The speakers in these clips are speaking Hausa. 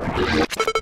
you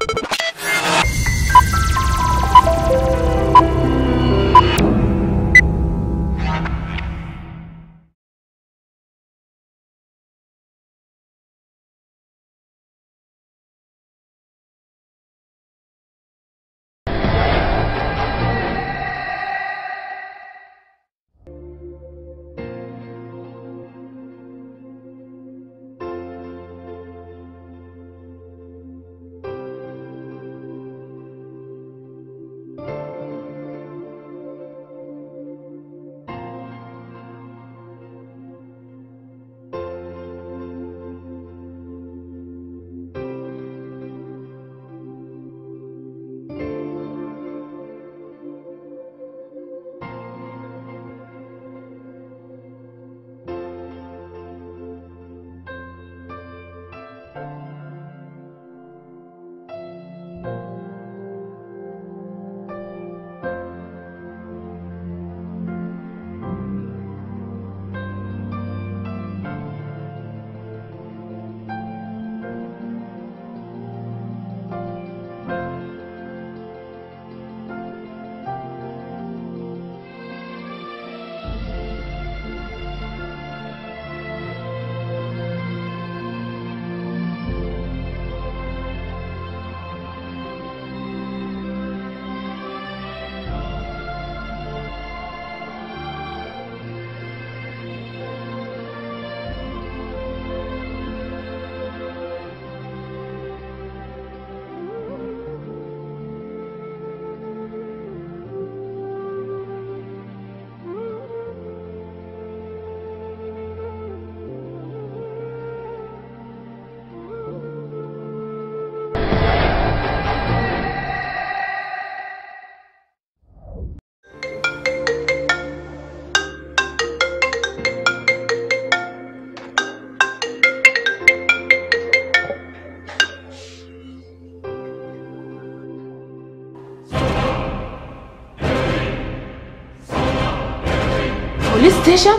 station?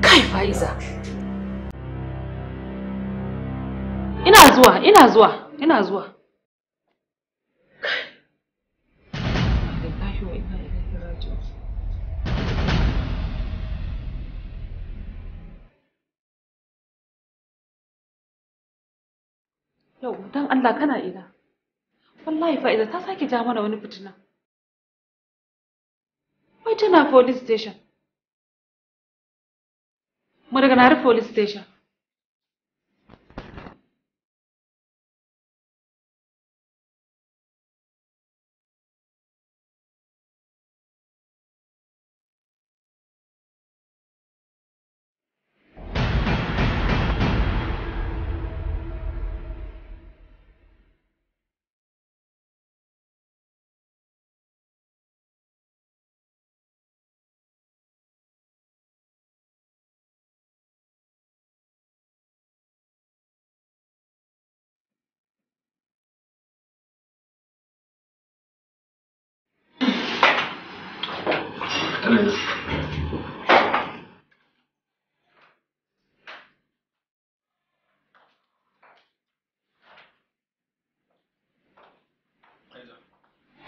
Kai Faiza. Ina zuwa, ina zuwa, ina zuwa. Yau, don Allah kana ina. Wallahi fa'iza ta sake ja mana wani fitina. Why don't I police station? Muruganaru police station. It um, is.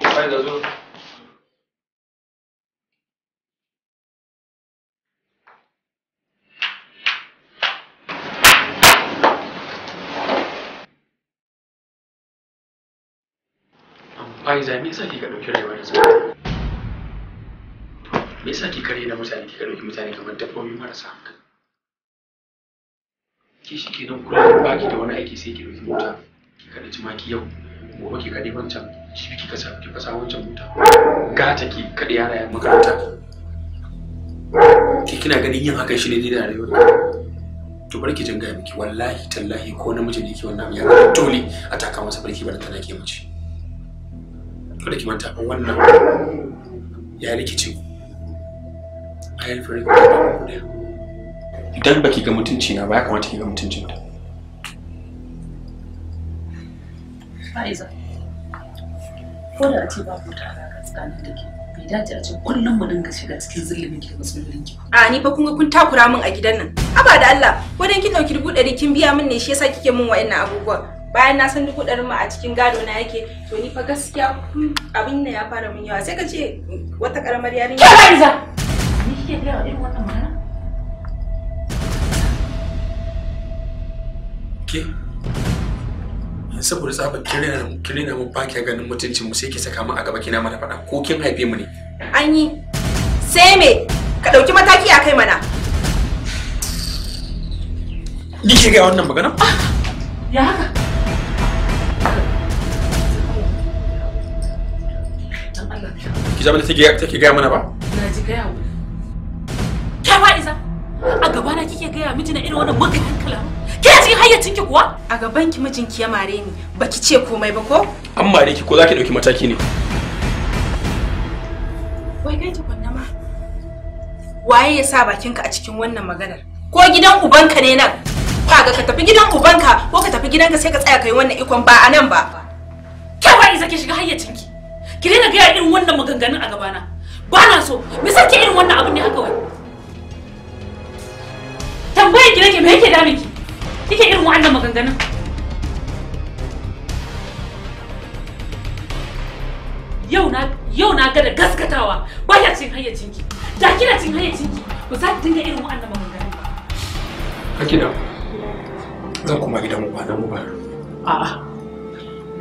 Haydi hazır Ai zami sai ka dauki me yasa kare da mutane kika ɗauki mutane kamar dabbobi marasa hankali ki shi ke nan kula ba ki da wani aiki sai ki ɗauki mota ki kaɗa tumaki yau gobe ki kare wancan shi ki kasa ki fasa wancan mota gata ki kaɗe yara ya makaranta ki kina ganin yin hakan shi ne daidai da rayuwar to bar ki jinga miki wallahi tallahi ko namiji ne ki wannan ya ga dole a taka masa barki bar tana ke mace kada ki manta wannan ya rikice ku ayar yi ko da idan ba ki ga mutunci na ba ya kamata ki ga mutuncin ta Faiza ko da ce ba ku tara ka tsakanin da ke bai dace a ce kullum mu dinga shiga cikin zulumin ki da matsalolin ki a ni fa kun ga kun takura min a gidan nan haba da Allah ko dan kin dauki dubu ɗari kin biya min ne shi yasa kike min wa'annan abubuwan bayan na san dubu ɗarin ma a cikin gado na yake to ni fa gaskiya abin ne ya fara min yawa sai ka ce wata ƙaramar yarinya. Ke Haiza! kike gaya wa irin wannan magana? Ke, saboda tsabar kire ganin mutuncin mu sai ki saka mu a gaba kina mana faɗa ko kin haife mu ne. An yi. Sai me? Ka dauki mataki a kai mana. Ni ke gaya wannan magana? Ah, ya haka? Ki zama da take gaya mana ba? Na ji gaya wuri. miji na irin wannan maganin kalamu ke cikin hayyacin ki kuwa a gaban ki mijin ki ya mare ni baki ce komai ba ko an mare ki ko zaki dauki mataki ne wai kai tukunna ma waye ya sa bakinka a cikin wannan maganar ko gidan ubanka ne nan kaga ka tafi gidan ubanka ko ka tafi gidanka sai ka tsaya kai wannan ikon ba a nan ba ke ba isa ki shiga hayyacin ki ki daina ga irin wannan maganganun a gabana ba na so me sake irin wannan abin ne haka wai tambayar ki nake me yake da miki kike irin wa'annan maganganun yau na yau na ga da gaskatawa ba ya cin hayyacin ki da kina cin hayyacin ki ba za ki dinga irin wa'annan maganganun ba hakida zan kuma gidan mu ba nan mu ba a'a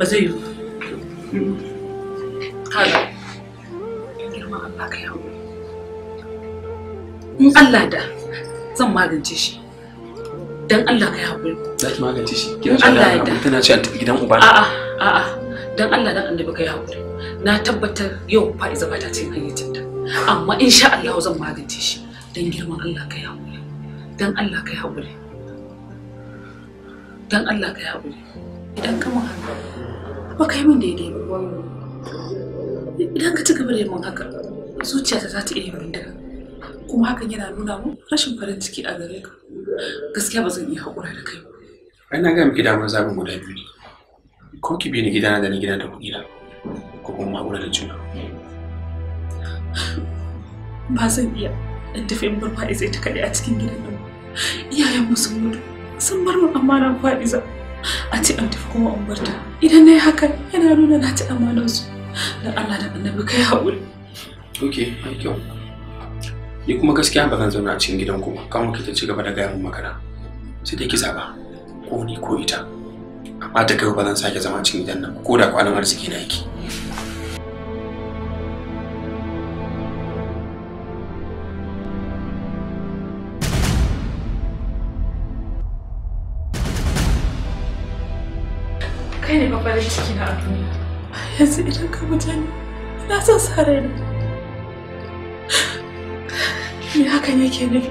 ba zai yi kaga girma Allah ka yawo in Allah da zan magance shi dan Allah kai hakuri za ki magance shi kina ce Allah ya tana ce an tafi gidan uba a'a a dan Allah dan annabi kai hakuri na tabbatar yau fa'iza ba ta cin hayyacinta amma insha Allah zan magance shi dan girman Allah kai hakuri dan Allah kai hakuri dan Allah kai hakuri idan ka mun haka ba kai min daidai ba idan ka ci gaba da yin haka zuciyata za ta iya yin daga kuma hakan yana nuna mu rashin farin ciki a gare ka gaskiya ba zan iya haƙura da kai ba ina ga miki damar zaɓin guda biyu ne ko ki bi ni gidana da ni gida da kuɗi na ko kuma haƙura da juna ba zan iya in tafi in bar fa'iza ita kaɗai a cikin gidan nan iyayen mu sun mutu sun bar mu na fa'iza a ce an tafi kuma an barta idan na yi haka yana nuna na ci amanarsu da Allah da annabi kai haƙuri ok thank you ni kuma gaskiya ba zan zauna a cikin gidan ba kan wakil ta ci gaba da gaya makara magana sai dai ki ba ko ni ko ita amma ta kai ba zan sake zama a cikin gidan nan ko da kwanan arziki na yake kai ne babbar ciki na a yanzu idan ka mutane ina son sarar ne Ni hakan yake ne.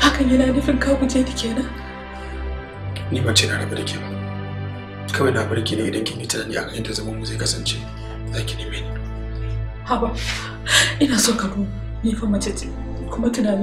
Hakan yana nufin ka guje ni kenan. Ni ba ce na rabu da ke ba. Kawai na barki ne idan kin yi tunani akan yadda zaman mu zai kasance. Za ki neme ni. Haba, ina son ka duba. Ni fa mace ce kuma tunani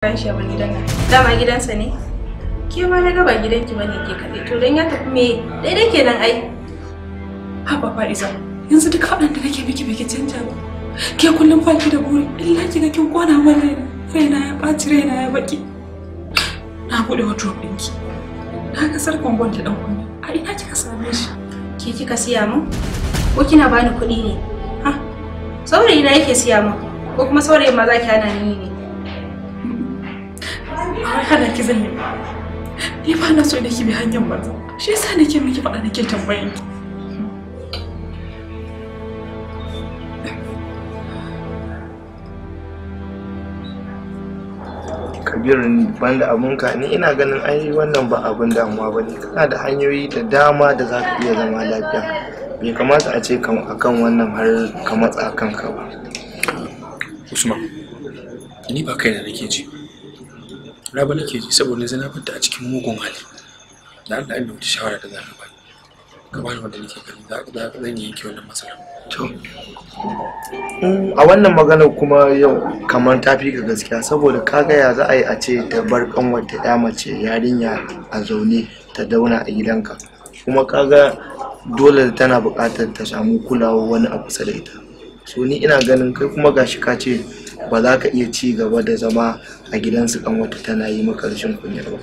Aisha ba gidan nan. Dama gidansa ne? Ke ma na gaba gidanki bane ke kaɗai. To don ya tafi me daidai kenan ai. Haba Fa'iza, yanzu duk faɗan da nake miki biki canja ba. Ke kullum faki da buri, illa kiga kin kona min raina. Raina ya ɓaci, raina ya baki. Na buɗe wardrobe ɗinki. Na ga sarkon gwal ɗan kunne. A ina kika same shi? Ke kika siya min? Ko kina bani kuɗi ne? Ha? Saurayi na yake siya min? Ko kuma saurayin ma za ki hana ni ne? har hana ki zan yi ni ba na so da ki bi hanyar banza shi yasa nake miki faɗa nake tambayan ki kabiru banda abunka ni ina ganin ai wannan ba abun damuwa ba ne kana da hanyoyi da dama da za ka iya zama lafiya bai kamata a ce akan wannan har ka matsa kanka ba usman ni ba kaina nake ji ba nake ji saboda yanzu na fita a cikin mugun hali da Allah ya wata shawara da za ka bani ka bani wanda nake gani za ka zan yi yanke wannan matsala to a wannan magana kuma yau kamar ta fi ga gaskiya saboda ka gaya za a yi a ce ta bar ta ya mace yarinya a zaune ta dauna a gidanka kuma ka ga dole tana buƙatar ta samu kulawa wani a kusa da ita so ni ina ganin kai kuma gashi ka ce ba za ka iya ci gaba da zama a gidansu kan wata tana yi maka rashin kunya ba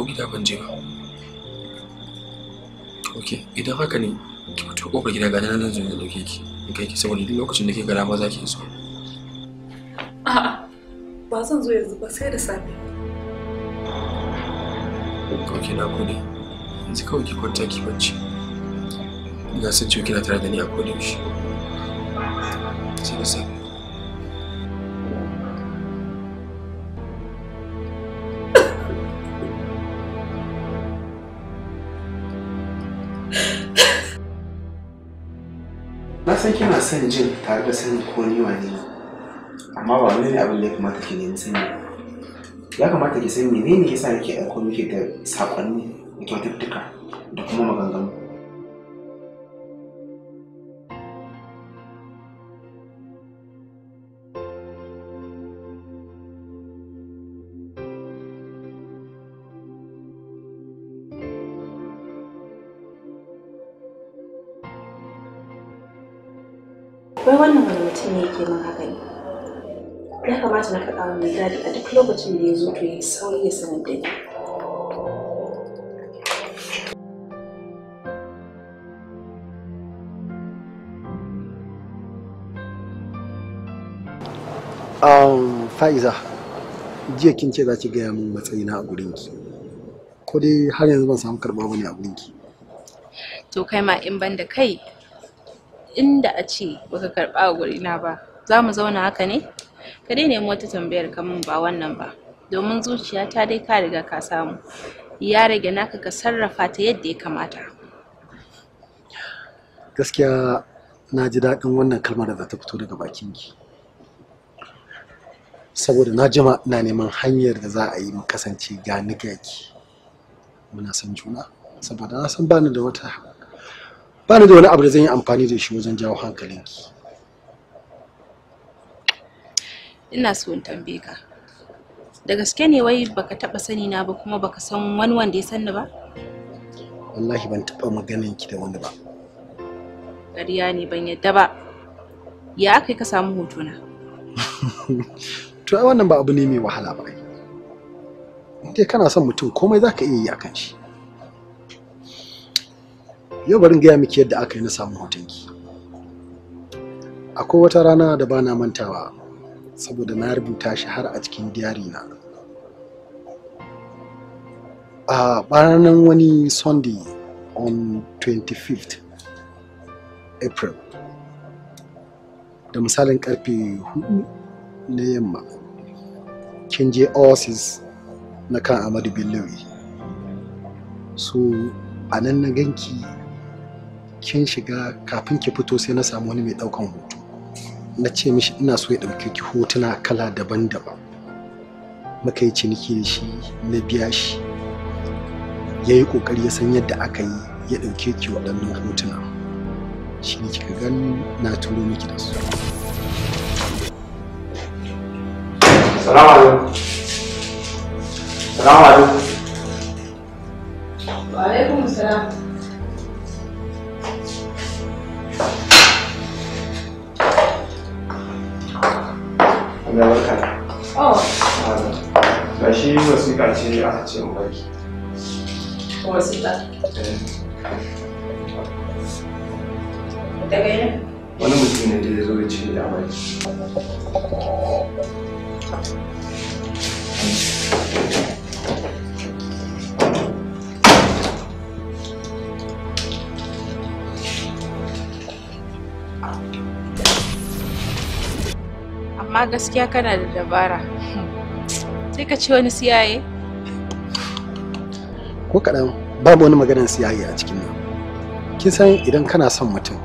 ko gida ban je ba ok idan haka ne ki fito kofar gida ga nan zan zo da dauke ki in kai ki saboda duk lokacin da kike gara ma zaki ki zo ba zan zo yanzu ba sai da safe ok na gode yanzu kawai ki kwanta ki bacci ina san cewa kina tare da ni a kodayaushe sai da safe san kina son jin tare da sanin ko ni wane ne amma ba wani ne abin da ya kamata ki nemi sani ya kamata ki san menene yasa yake aiko miki da sakonni da kyaututtuka da kuma maganganu wai wannan wani mutum ne yake min haka ne ya kamata na faɗa wa mai gadi a duk lokacin da ya zo to ya yi sauri ya sanar da ni Um, Fa'iza, jiya kin ce za ki gaya min matsayina a gurinki. Ko dai har yanzu ban samu karɓa wani a gurinki. To kai ma in ban da kai inda a ce baka karɓa a na ba za mu zauna haka ne ka dai nemi wata tambayar kamun ba wannan ba domin zuciya ta dai ka riga ka samu ya rage naka ka sarrafa ta yadda ya kamata gaskiya na ji daɗin wannan kalmar da za ta fito daga ki saboda na jima ina neman hanyar da za a yi mu kasance ga ki. muna son juna saboda na san bani da wata ba ni da wani abu da zan yi amfani da shi wajen jawo hankalinki ina so in tambaye ka da gaske ne wai baka taba sani na ba kuma baka san wani wanda ya sanni ba wallahi ban taba maganin ki da wani ba ƙarya ne ban yadda ba ya aka ka samu hotuna to ai wannan ba abu ne mai wahala ba in dai kana son mutum komai zaka iya yi akan shi yau barin gaya miki yadda aka yi na samu hotonki akwai wata rana da ba na mantawa saboda na rubuta shi har a cikin diyari na a ranar wani sunday on 25th april da misalin karfe 4 na yamma kin je oasis na kan amadu bello so a nan na ganki kin shiga kafin ki fito sai na samu wani mai daukan hoto na ce mishi ina so ya dauke ki hotuna kala daban-daban muka yi ciniki da shi na biya shi ya yi kokari ya san yadda aka yi ya dauke ki waɗannan hotuna shi ne kika gani na turo miki da su salamu alaikum salamu alaikum wasita daga yana wani mutum ne da ya zo da ce da amai amma gaskiya kana da dabara sai ka ci wani siyaye ko kaɗan babu wani maganar siyayya a cikin nan kin san idan kana son mutum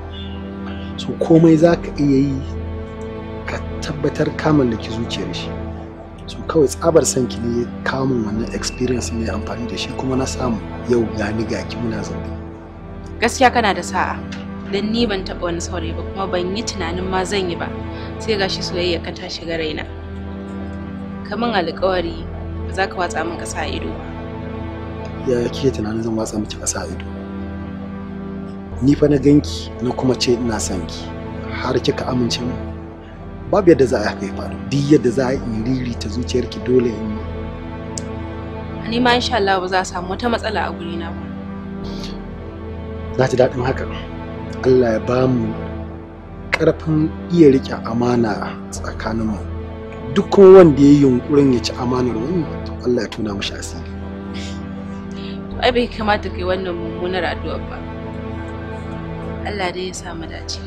so komai za ka iya yi ka tabbatar ka mallaki zuciyar shi so kawai tsabar san ki ne kamun wannan experience ne amfani da shi kuma na samu yau ga ni ga ki muna zaune gaskiya kana da sa'a dan ni ban taba wani saurayi ba kuma ban yi tunanin ma zan yi ba sai gashi soyayya ka tashi ga raina kaman alƙawari ba za ka watsa min sa ido ba yaya kike tunanin zan watsa miki ƙasa ido ni fa na ganki na kuma ce ina son ki har kika amince mu babu yadda za a haka ya faru duk yadda za a yi riri ta zuciyarki dole in yi ni ma insha Allah ba za a samu wata matsala a guri na ba na ta daɗin haka Allah ya ba mu ƙarfin iya riƙe amana mu. duk wanda ya yi yunƙurin ya ci amanar wani Allah ya tuna mashi asiri ai bai kamata kai wannan mummunar addu'a ba Allah dai ya sa mu dace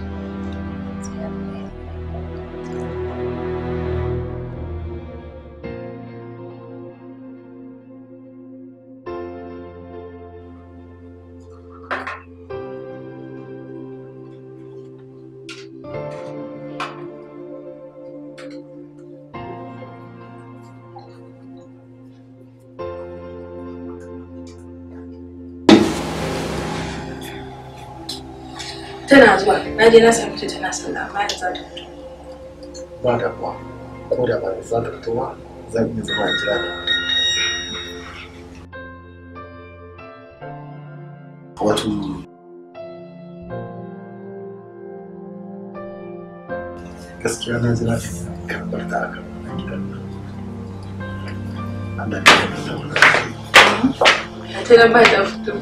tana zuwa na je na sami ta tana sallah amma da za ta fito ba da ba ko da ba za ta fito ba zan iya zama a jira da wato gaskiya na jira kan barta a kan wannan gidan nan Allah ya ta ba ta fito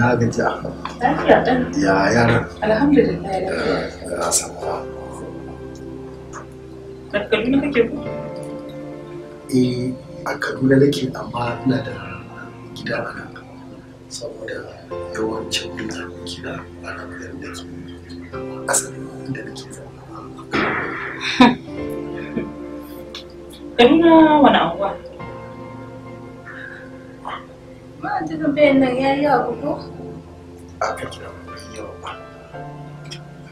ina gajiya ya yara alhamdulillah ya samuwa a kaduna kake ku eh a kaduna nake amma ina da gida a nan saboda yawancin ina gida a nan da nake asalin inda nake zama kaduna wani anguwa tambayan ah, nan ah, ya yi yawa ko? A kan kira yawa ba.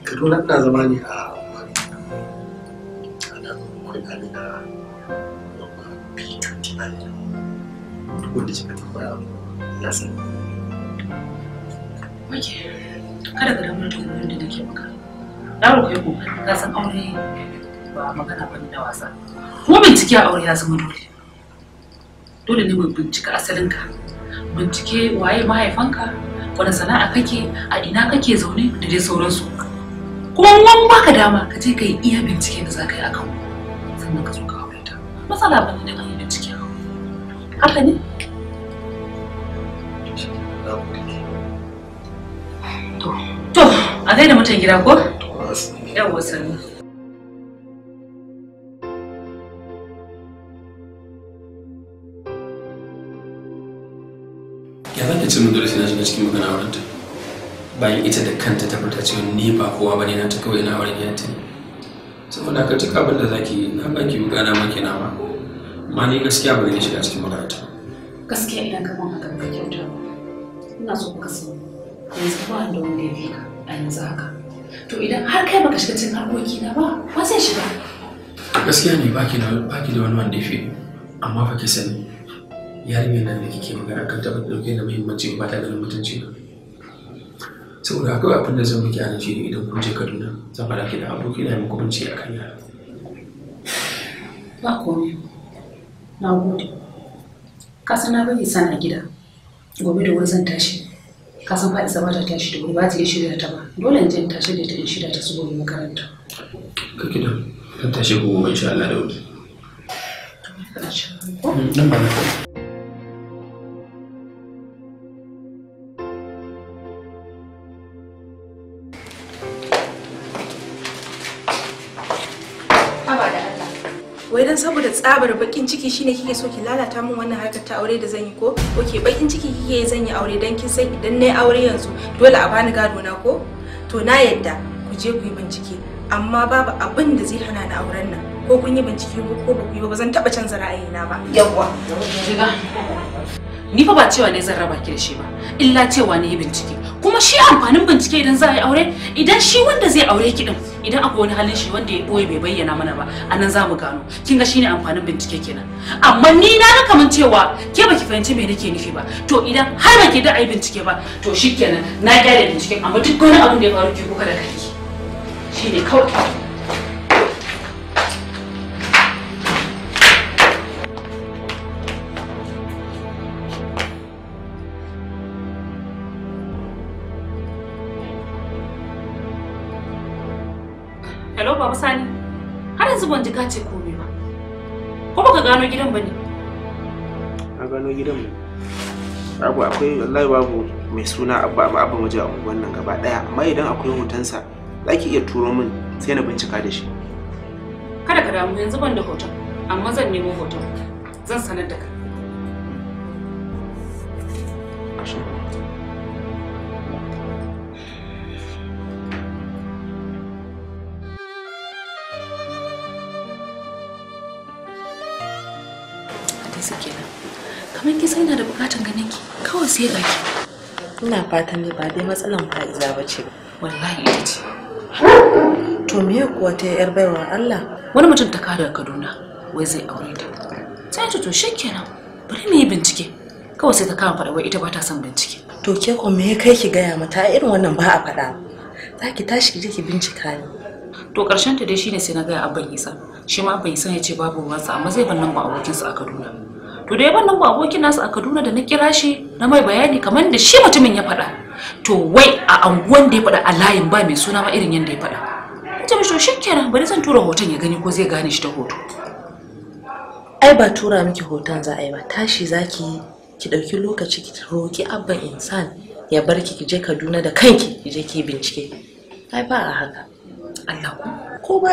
Kaduna ina zama ne a Mari. A nan kuna ne na yamma P29. Wanda shi ka tambaya ya sani. Oke, kada ka damar da wanda ke maka. Na Dawo kai ko ka san aure ba magana ba na wasa. Mu bincike a aure ya zama dole. Dole ne mu bincika ka. bincike waye mahaifanka wani sana'a kake a ina kake zaune da dai sauransu kuma wani baka dama ka je ka yi iya bincike da za ka yi sannan ka zo ka aure ta matsala ba ne da yi bincike haka ne to a da mutan gida ko yawwa sannan ta ce mun dole sai na shiga cikin magana wurin ta bayan ita da kanta ta furta cewa ni ba kowa bane na ta kawai na wurin ta saboda ka cika abin da zaki na baki wuka ma maki na ma ni gaskiya ba ne shiga cikin magana ta gaskiya idan ka mun haka ka kyauta ina so ka sani yanzu ba da wanda ya bi ka a yanzu haka to idan har kai baka shiga cikin harkoki na ba ba zai shiga gaskiya ne baki da wani wanda ya fi amma fa ki sani yarinyar nan da kike magana kan taɓa ɗauke da muhimmanci ba ta ganin mutunci ba saboda haka abin da zan miki anan ne idan kun je Kaduna zan fara ki da aboki da muku bincike kan yara ba komai na gode ka san na bari sana gida gobe da wani zan tashi ka san fa isa ba ta tashi da wuri ba ta yi shirya ta ba dole in je in tashi da ta in shirya ta su gobe makaranta ka gida zan tashi gobe insha Allah da wuri dan mm, ba tsabar bakin ciki shine kike so ki lalata min wannan harkar ta aure da zan yi ko oke bakin ciki kike zan yi aure dan kin san idan nayi aure yanzu dole a bani gado na ko to na yadda ku je ku yi bincike amma babu abin da zai hana ni auren nan ko kun yi bincike ko ba ku yi ba zan taba canza ra'ayina ba yawwa ni fa ba cewa ne zan raba ki da shi ba illa cewa ne bincike kuma shi amfanin bincike idan za a yi aure idan shi wanda zai aure ki din idan akwai wani halin shi wanda ya boye bai bayyana mana ba anan za mu gano kin ga shine amfanin bincike kenan amma ni na ga kaman cewa ke baki fahimci me nake nufi ba to idan har baki da ayi bincike ba to shikenan na gyara bincike amma duk wani abin da ya faru ki kuka da kanki shine kawai baba sani har yanzu ban ji ka ce komai ba ko baka gano gidan ba ne A gano gidan mu babu akwai wallahi babu mai suna abba amma abba waje a wannan nan gaba daya amma idan akwai hotonsa za ki iya turo min sai na bincika da shi kada ka damu yanzu ban da hoton amma zan nemo hoton zan sanar da kai sai ina da bukatan ganin ki kawai sai ga ki ina fatan ne ba dai matsalan fa'iza ba ce wallahi ita ce to me kuwa ta yar baiwar Allah wani mutum ta kada Kaduna wai zai aure ta sai ta to shikenan bari mu bincike kawai sai ta kama fada wai ita ba ta son bincike to ke ko me kai ki gaya mata irin wannan ba a faɗa za ki tashi ki je ki bincika ni to karshen ta dai shine sai na gaya abban Isa shi ma bai Isa ya ce babu ruwansa amma zai ban nan ba abokinsa a Kaduna to da ya ba abokin nasu a Kaduna da na kira shi na mai bayani kamar da shi mutumin ya faɗa to wai a anguwan da ya faɗa a layin ba mai suna ma irin yadda ya faɗa ta mishi shi kenan bari zan tura hoton ya gani ko zai gane shi ta hoto ai ba tura miki hoton za a yi ba tashi zaki ki ɗauki lokaci ki roki abban insan ya barki ki je Kaduna da kanki ki je ki bincike ai ba a haka Allah ko ba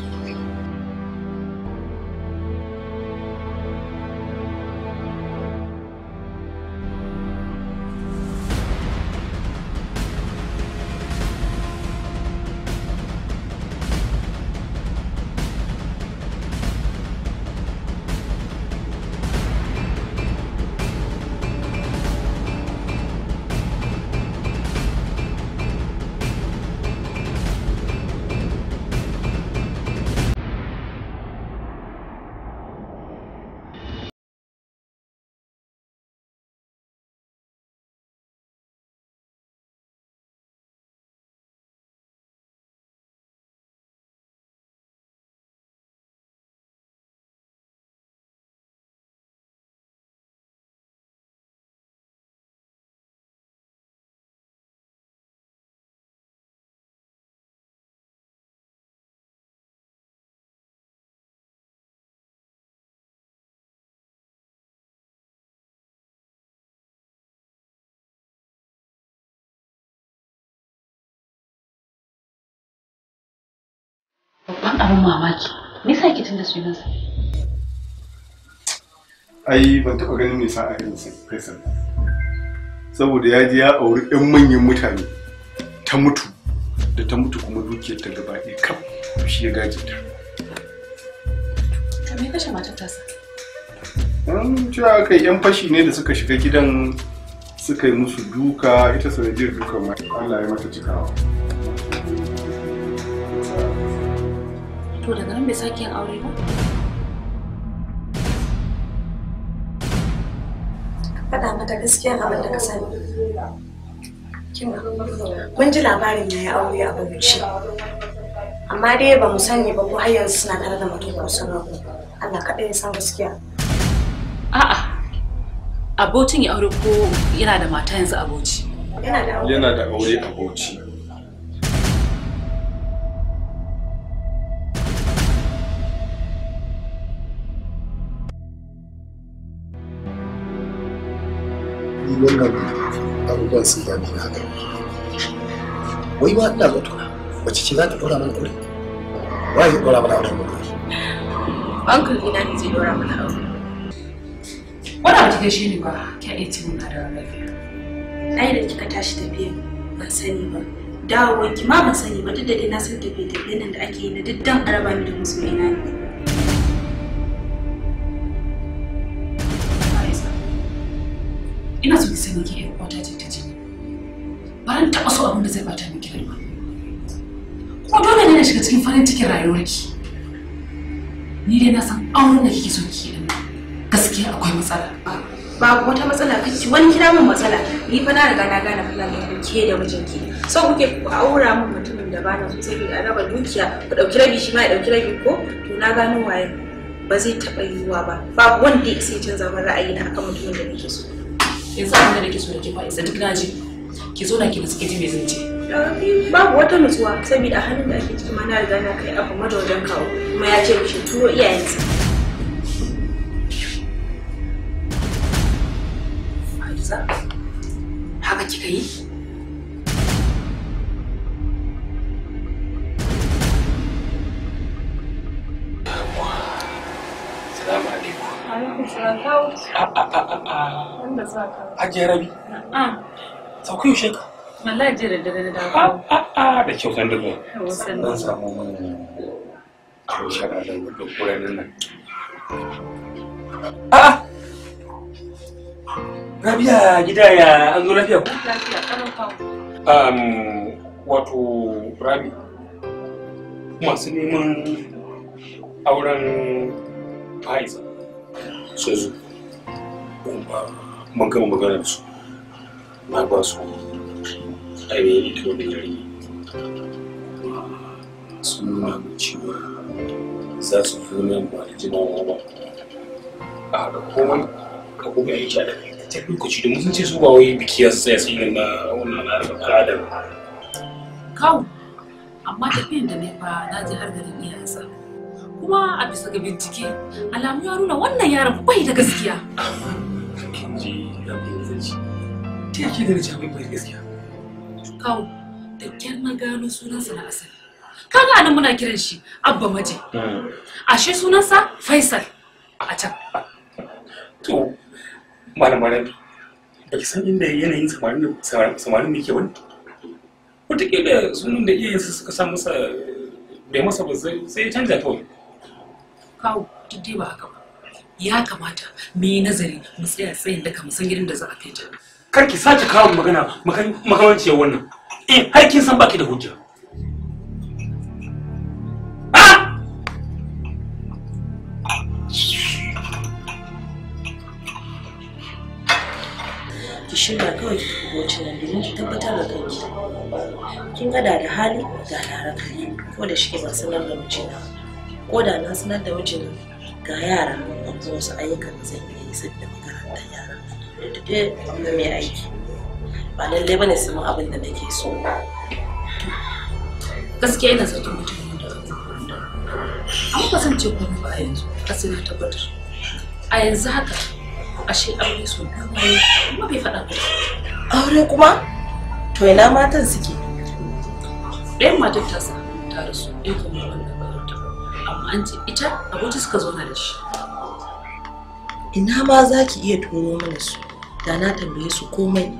Babban abin mamaki. Me yasa ki tunda sunansa? Ai ban taɓa ganin me yasa a irin Faisal. Saboda ya je ya auri ɗan manyan mutane ta mutu da ta mutu kuma dukiyar ta gaba ɗaya kam shi ya gaje ta. Ka me kashe matar tasa? An cewa kai 'yan fashi ne da suka shiga gidan suka yi musu duka ita sanadiyar duka ma Allah ya mata cikawa. To daga nan bai sake yin aure ba? Faɗa mata gaskiya abin da ka sani. Mun ji labarin ya aure a Bauchi. Amma dai ba mu sani ba ko har yanzu suna tare da mutum ko su rabu. Allah kaɗai ya san gaskiya. A'a, abocin ya aure ko yana da mata yanzu a Bauchi? Yana da aure a Bauchi. wannan abubuwan sun dami na haka wai ma ina zato Wacce ce za ta dora mana aure wa ya dora mana aure mutum uncle ina ne zai dora mana aure wannan wata gaishe ne ba kya iya cin na da lafiya ai da kika tashi tafiya ban sani ba dawowanki ma ban sani ba duk da dai na san tafiya tafiya nan da ake yi na duk dan araba da masoyina ne ina so ki san ki yan kwata ce ta jini ba ran taɓa so abin da zai bata miki rai ba ko dole ne na shiga cikin farin cikin rayuwarki ni dai na san auren da kike so ki yi gaskiya akwai matsala babu wata matsala kake wani kira min matsala ni fa na riga na gane fulani da ke da ki so kuke ku aura min mutumin da bana so sai ki raba dukiya ku dauki rabi shi ma ya dauki rabi ko to na gano waye ba zai taba yiwuwa ba babu wanda ya sai canza min ra'ayi na akan mutumin da nake so yanzu abin da nake so da ke isa duk na ki zo na ki nutsu ki ji me babu wata nutsuwa saboda halin da ake ciki ma na riga na kai abu madaudan kawo kuma ya ce mishi turo iyayensa haka kika yi Ah, ah, ah, Ajiye rabi. yaushe ka? Wallahi jiya da dare na dawo. Da kyau kan dubu. Zan samu mana kaushe da duk wuraren nan. Rabia gida ya an zo lafiya ku? Lafiya ƙarfafa. Wato Rabi, masu neman auren Faiza. sun zo mun gama magana da su na ba su ainihin ita wani yare sun nuna mu cewa za su fi nan ba da jimawa ba a haka komai ka kuma yi kya da kai lokaci domin musu ce su ba wani biki ya tsaya sai na na ka al'adar kawo amma tafiyan da ne fa na ji har garin iyayensa kuma a bisa ga bincike alamu ya nuna wannan yaron bai da gaskiya kin ji abin da ci ta yake da rijabi bai da gaskiya kawo da kyar na gano sunansa na asali kaga anan muna kiran shi abba maje hmm. ashe sunansa faisal a can to malama rabi ba ki san inda yanayin samarin ne ke wani wataƙila sunan da iyayensa suka sa masa bai masa ba sai ya canza kawai babu duk dai ba haka ba ya kamata mu yi nazari mu tsaya tsayin daka mu san gidan da za a fita. kar ki sake kawo magana makamanciyar wannan eh har kin san baki da hujja ah! ki shirya kawai ki kuɓoci nan domin ki tabbatar da kanki kin gada da hali da haraka ko da shi ba sanar da mace na koda na sanar da wajen ga yara an zo wasu ayyukan da zan iya yi da makarantar yara da dai amma mai aiki ba lallai bane su mun abin da nake so gaskiya ina zargin mutum da an kasance kuma ba yanzu asali tabbatar a yanzu haka ashe aure so biyu ne kuma bai faɗa ba aure kuma to ina matan suke ɗayan matan ta sa ta rasu ɗaya kuma amma an ita abuja suka zo na da shi ina ma za ki iya turo mana su da na tambaye su komai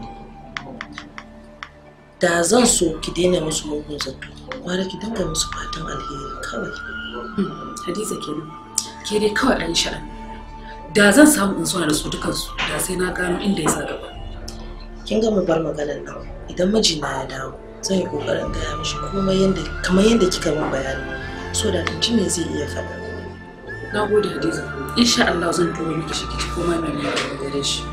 da zan so ki daina musu mugun zato gwara ki dinga musu fatan alheri kawai hmm, hadiza kenan ke dai kawai an sha'ani da zan samu in suna da su dukansu da sai na gano inda ya sa gaba kin ga mu bar maganar nan idan mijina ya dawo zan yi kokarin gaya mishi komai yanda kamar yadda kika min bayani so da ji me zai iya faɗa na gode hadiza insha Allah zan tura miki shi kici ko mai me ne da gare shi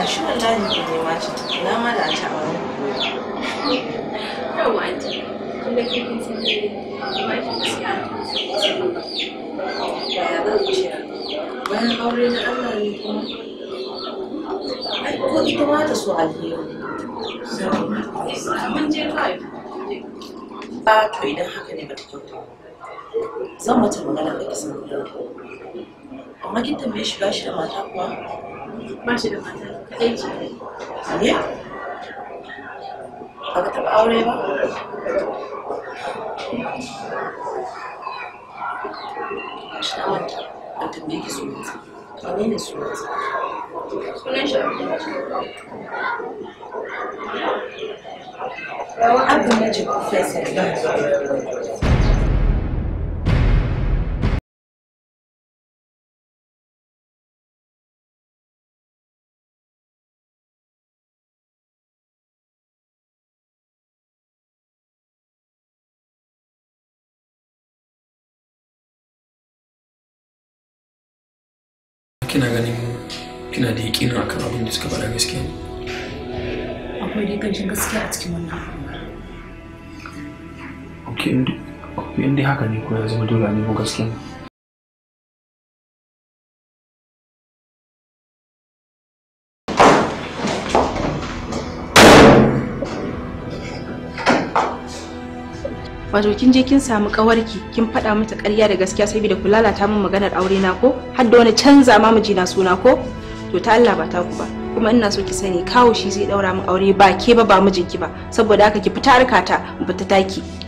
a shi wallahi ne ke nema shi na ma da a ta aure yawa anti kuma ki kin san ne ba a gaskiya ya ba ku ce bayan aure na Allah ne kuma ai ko ita ma ta so alheri mun je kawai ba to idan haka ne ba ta kyau zan ta magana da kisan kuɗin amma kin tambaye shi bashi da mata kuwa ba shi da mata kaɗai ce ne ba ka taɓa aure ba shi na manta ban tambaye ki sunansa wane ne sunansa sunan shi Rawa abin da ce fesa Ibrahim. kina ganin kina da yakinin akan abin da suka faɗa gaskiya akwai dai kanshin gaskiya a cikin wannan ok inda haka ne ko ya zama dole a nemo gaskiya wato kin je kin samu kawarki kin faɗa mata ƙarya da gaskiya saboda ku lalata min maganar aure na ko har da wani canza ma na suna ko to ta Allah ba ta ku ba kuma ina so ki sani kawo shi zai daura min aure ba ke ba ba mijinki ba saboda haka ki fita harkata ta fita taki